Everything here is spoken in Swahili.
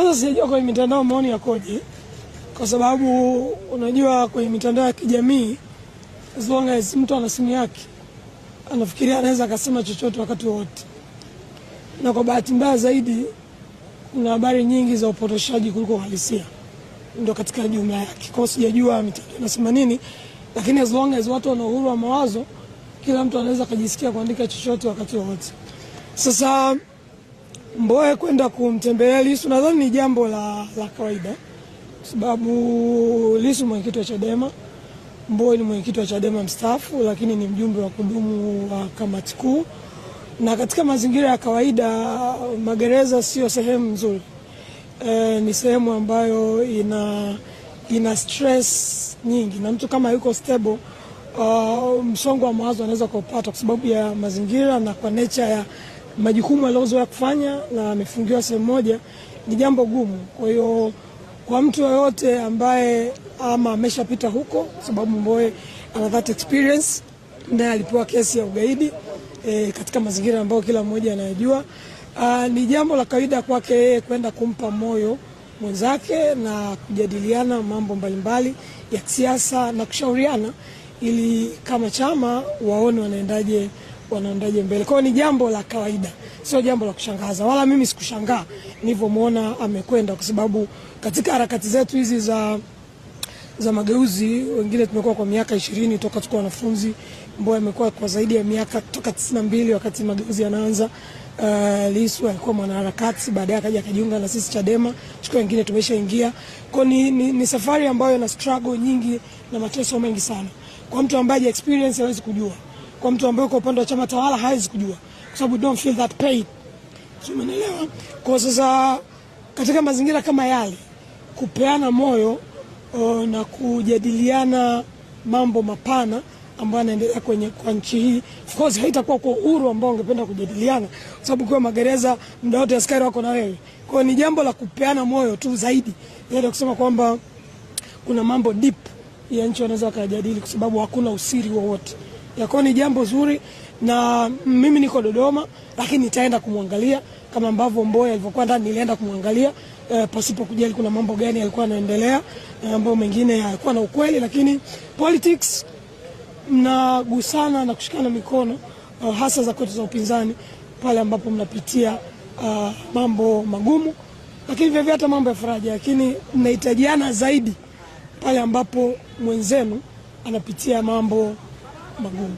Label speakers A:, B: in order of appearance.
A: Kwanza sijajua kwenye mitandao maoni yakoje, kwa sababu unajua kwenye mitandao ya kijamii as long as mtu ana simu yake anafikiria anaweza akasema chochote wakati wowote, na kwa bahati mbaya zaidi kuna habari nyingi za upotoshaji kuliko uhalisia, ndio katika jumla yake. Kwa hiyo sijajua mitandao inasema nini, lakini as long as watu wana uhuru wa mawazo, kila mtu anaweza akajisikia kuandika chochote wakati wote. Sasa Mbowe kwenda kumtembelea Lissu nadhani ni jambo la, la kawaida kwa sababu Lissu mwenyekiti wa Chadema, Mbowe ni mwenyekiti wa Chadema mstaafu, lakini ni mjumbe wa kudumu wa kamati kuu, na katika mazingira ya kawaida magereza sio sehemu nzuri e, ni sehemu ambayo ina, ina stress nyingi na mtu kama yuko stable uh, msongo wa mawazo anaweza kupata kwa sababu ya mazingira na kwa nature ya majukumu aliozoea kufanya na amefungiwa sehemu moja ni jambo gumu. Kwa hiyo kwa mtu yoyote ambaye ama ameshapita huko, sababu Mbowe ana that experience, naye alipewa kesi ya ugaidi e, katika mazingira ambayo kila mmoja anayajua, ni jambo la kawaida kwake yeye kwenda kumpa moyo mwenzake na kujadiliana mambo mbalimbali ya kisiasa na kushauriana ili kama chama waone wanaendaje wanaendaje mbele. Kwa hiyo ni jambo la kawaida, sio jambo la kushangaza, wala mimi sikushangaa nilivyomwona amekwenda, kwa sababu katika harakati zetu hizi za za mageuzi wengine tumekuwa kwa miaka ishirini toka tuko wanafunzi. Mbowe amekuwa kwa zaidi ya miaka toka tisini na mbili wakati mageuzi yanaanza. Uh, eh, Lissu alikuwa mwanaharakati, baadaye akaja akajiunga na sisi Chadema, tuko wengine tumeshaingia. Kwa ni, ni, ni safari ambayo ina struggle nyingi na mateso mengi sana. Kwa mtu ambaye experience hawezi kujua kwa mtu ambaye kwa upande wa chama tawala hawezi kujua, kwa sababu don't feel that pain. Sio, umeelewa? Kwa sasa katika mazingira kama yale kupeana moyo o, na kujadiliana mambo mapana ambayo yanaendelea kwenye kwa nchi hii, of course haitakuwa kwa uhuru ambao ungependa kujadiliana, kwa sababu kwa magereza muda wote askari wako na wewe. Kwa ni jambo la kupeana moyo tu zaidi, yaani kusema kwamba kuna mambo deep ya nchi wanaweza wakajadili, kwa sababu hakuna usiri wowote. Kwa ni jambo zuri, na mimi niko Dodoma, lakini nitaenda kumwangalia kama ambavyo Mboya alivyokuwa ndani, nilienda kumwangalia e, pasipo kujali kuna mambo gani yalikuwa yanaendelea e, eh, ambayo mengine hayakuwa na ukweli, lakini politics mnagusana na kushikana mikono uh, hasa za kwetu za upinzani pale ambapo mnapitia uh, mambo magumu, lakini vivyo hata mambo ya faraja, lakini mnahitajiana zaidi pale ambapo mwenzenu anapitia mambo 忙碌。